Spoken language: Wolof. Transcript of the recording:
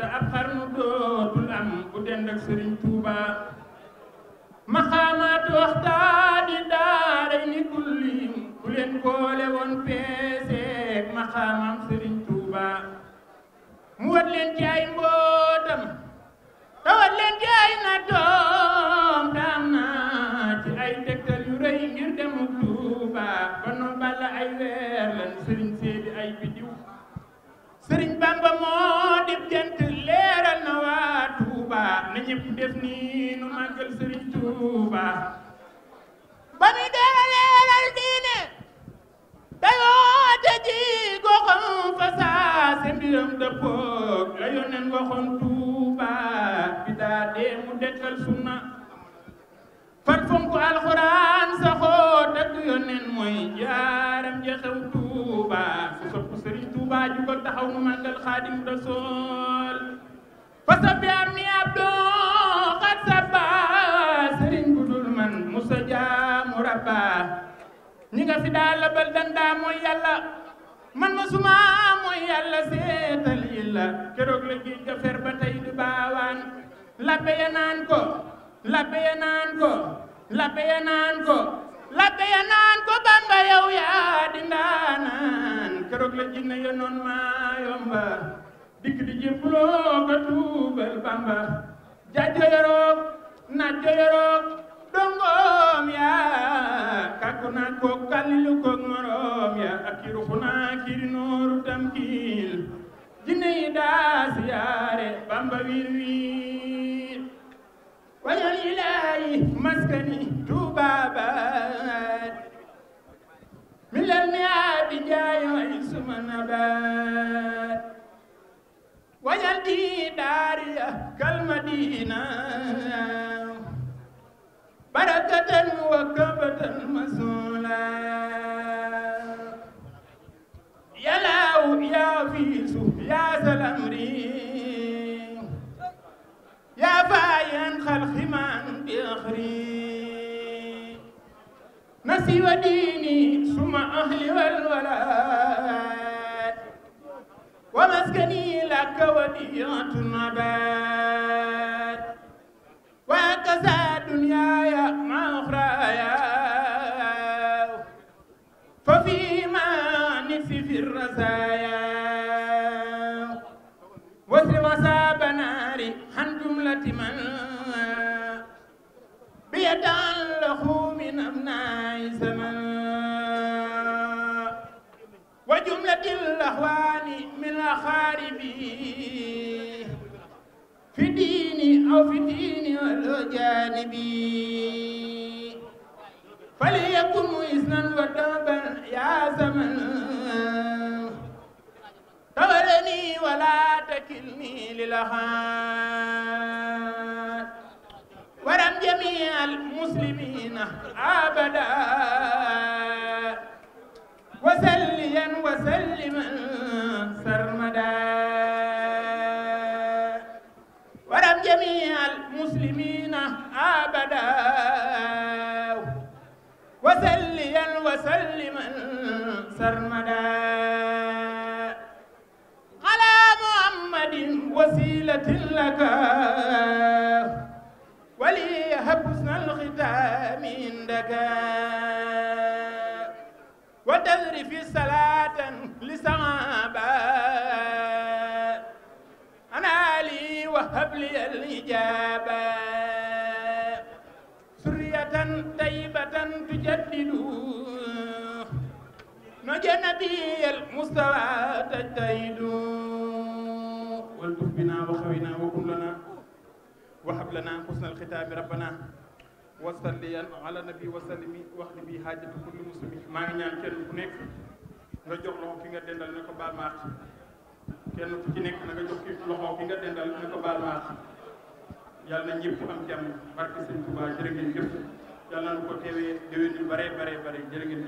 te ab xarnu dootul am bu dend ni kullim ku leen boole woon peeseeg maqaamam sëriñ mu wat leen ci mbootam te wat leen ci na ci ay tegtal yu rëy ngir demu Touba ba nu bala ay weer lan sëriñ seedi ay bidiw sëriñ Bamba moo dib jant Touba na ñëpp def nii nu màggal Sëriñ Touba ba mu dee leeral diine dayoo ji goxam fa saa se mbiram dëppoog la yónneen goxam bi daa dee mu dekkal sunna fat fonk alxuraan saxoo dëgg yónneen mooy jaaram ja xew Touba su sopp Sëriñ Touba ju ko taxaw nu màggal Xaadimu Rasuul fasab yaa mi abdoo xat saba sëriñ bu man musa jaamu rabba ñi fi daa labal dandaa mooy man ma suma mooy yàlla seetal yilla keroog la géej ga fer ba tey di baawaan labbe ya ko labbe ya ko labbe ya ko labbe ya ko bamba yow yaa di ndaanaan keroog la jinne ya maa yomba dikk di jébbuloo nga tuubal Bamba jajjo yoroog najjo yoroog dongoom yaa kakku naa koog kalilu koog moroom yaa ak kiruxu naa kiri nooru tamkiil jinne yi daa siyaare Bamba wiir wiir wayal ilaahi maskani tuubaabaat mi lal mi di jaayo ay suma nabaat wajal di daariya kalmadina barakatan wa kabatan masula yalaw ya fiisu ya salamri ya fayan xalximan bi axri nasi wa diini suma ahli walwala wa maskani لك وديعة النبات وكذا دنياي مع أخرايا ففيما نفسي في الرزايا وسر وساب ناري عن جملة من بيتعلق من أبناء زمن وجملة الأهوان أقاربي في ديني أو في دين أجانبي فليكن إذنا ودابا يا زمن تولني ولا تكلني للأحد ورم جميع المسلمين أبدا وسليا وسلما سرمدا ورب جميع المسلمين أبدا وسليا وسلما سرمدا على محمد وسيلة لك ولي حسن الختام عندك وتذرف صلاة لصحابك لي الإجابة سرية طيبة تجدد نجى نبي المستوى تجتهد والطف بنا وخوينا وكن لنا وهب لنا حسن الختام ربنا وصلي على النبي وسلم واخلي بي حاجة كل مسلم ما نيان كين ku nekk nga jox loxo ki nga dendal ne ko baal maax kenn ku ci nekk na nga jox ki loxo ki nga dendal na ko baal maas yàlla na ñëpp am jàmm barke sëñ Tuubaa jërë ngeen jëf yàlla na ko teewee déwén yu bare bare bare jërë ngeen